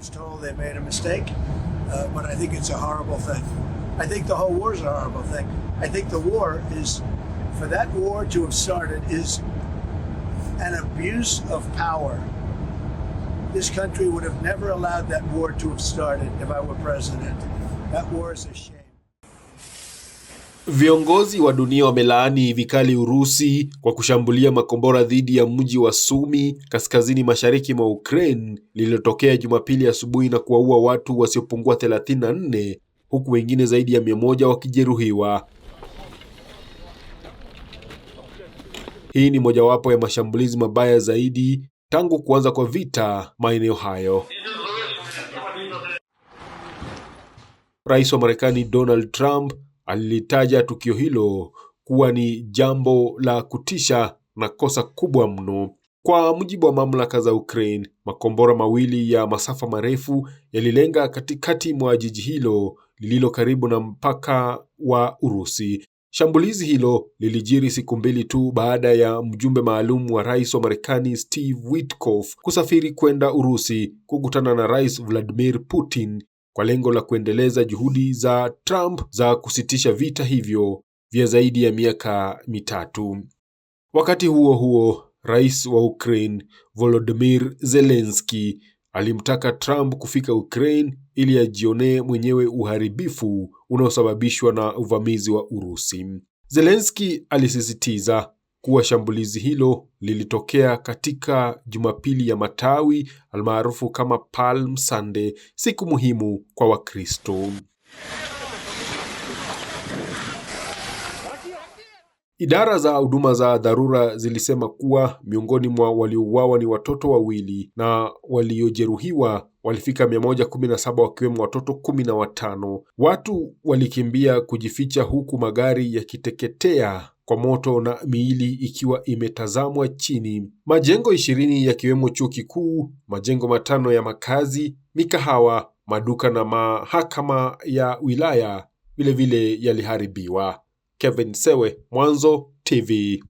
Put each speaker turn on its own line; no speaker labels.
was told they made a mistake, uh, but I think it's a horrible thing. I think the whole war is a horrible thing. I think the war is, for that war to have started, is an abuse of power. This country would have never allowed that war to have started if I were president. That war is a shame.
Viongozi wa dunia wamelaani vikali Urusi kwa kushambulia makombora dhidi ya mji wa Sumi kaskazini mashariki mwa Ukraine lililotokea Jumapili asubuhi na kuwaua watu wasiopungua 34 huku wengine zaidi ya 100 wakijeruhiwa. Hii ni mojawapo ya mashambulizi mabaya zaidi tangu kuanza kwa vita maeneo hayo. Rais wa Marekani Donald Trump alilitaja tukio hilo kuwa ni jambo la kutisha na kosa kubwa mno. Kwa mujibu wa mamlaka za Ukraine, makombora mawili ya masafa marefu yalilenga katikati mwa jiji hilo lililo karibu na mpaka wa Urusi. Shambulizi hilo lilijiri siku mbili tu baada ya mjumbe maalum wa rais wa Marekani Steve Witkoff kusafiri kwenda Urusi kukutana na Rais Vladimir Putin kwa lengo la kuendeleza juhudi za Trump za kusitisha vita hivyo vya zaidi ya miaka mitatu. Wakati huo huo, rais wa Ukraine Volodymyr Zelensky alimtaka Trump kufika Ukraine ili ajionee mwenyewe uharibifu unaosababishwa na uvamizi wa Urusi. Zelensky alisisitiza kuwa shambulizi hilo lilitokea katika Jumapili ya Matawi almaarufu kama Palm Sunday, siku muhimu kwa Wakristo. Idara za huduma za dharura zilisema kuwa miongoni mwa waliouawa ni watoto wawili na waliojeruhiwa walifika 117 wakiwemo watoto watano Watu walikimbia kujificha huku magari yakiteketea kwa moto na miili ikiwa imetazamwa chini. Majengo ishirini yakiwemo chuo kikuu, majengo matano ya makazi, mikahawa, maduka na mahakama ya wilaya vilevile yaliharibiwa. Kevin Sewe, Mwanzo TV.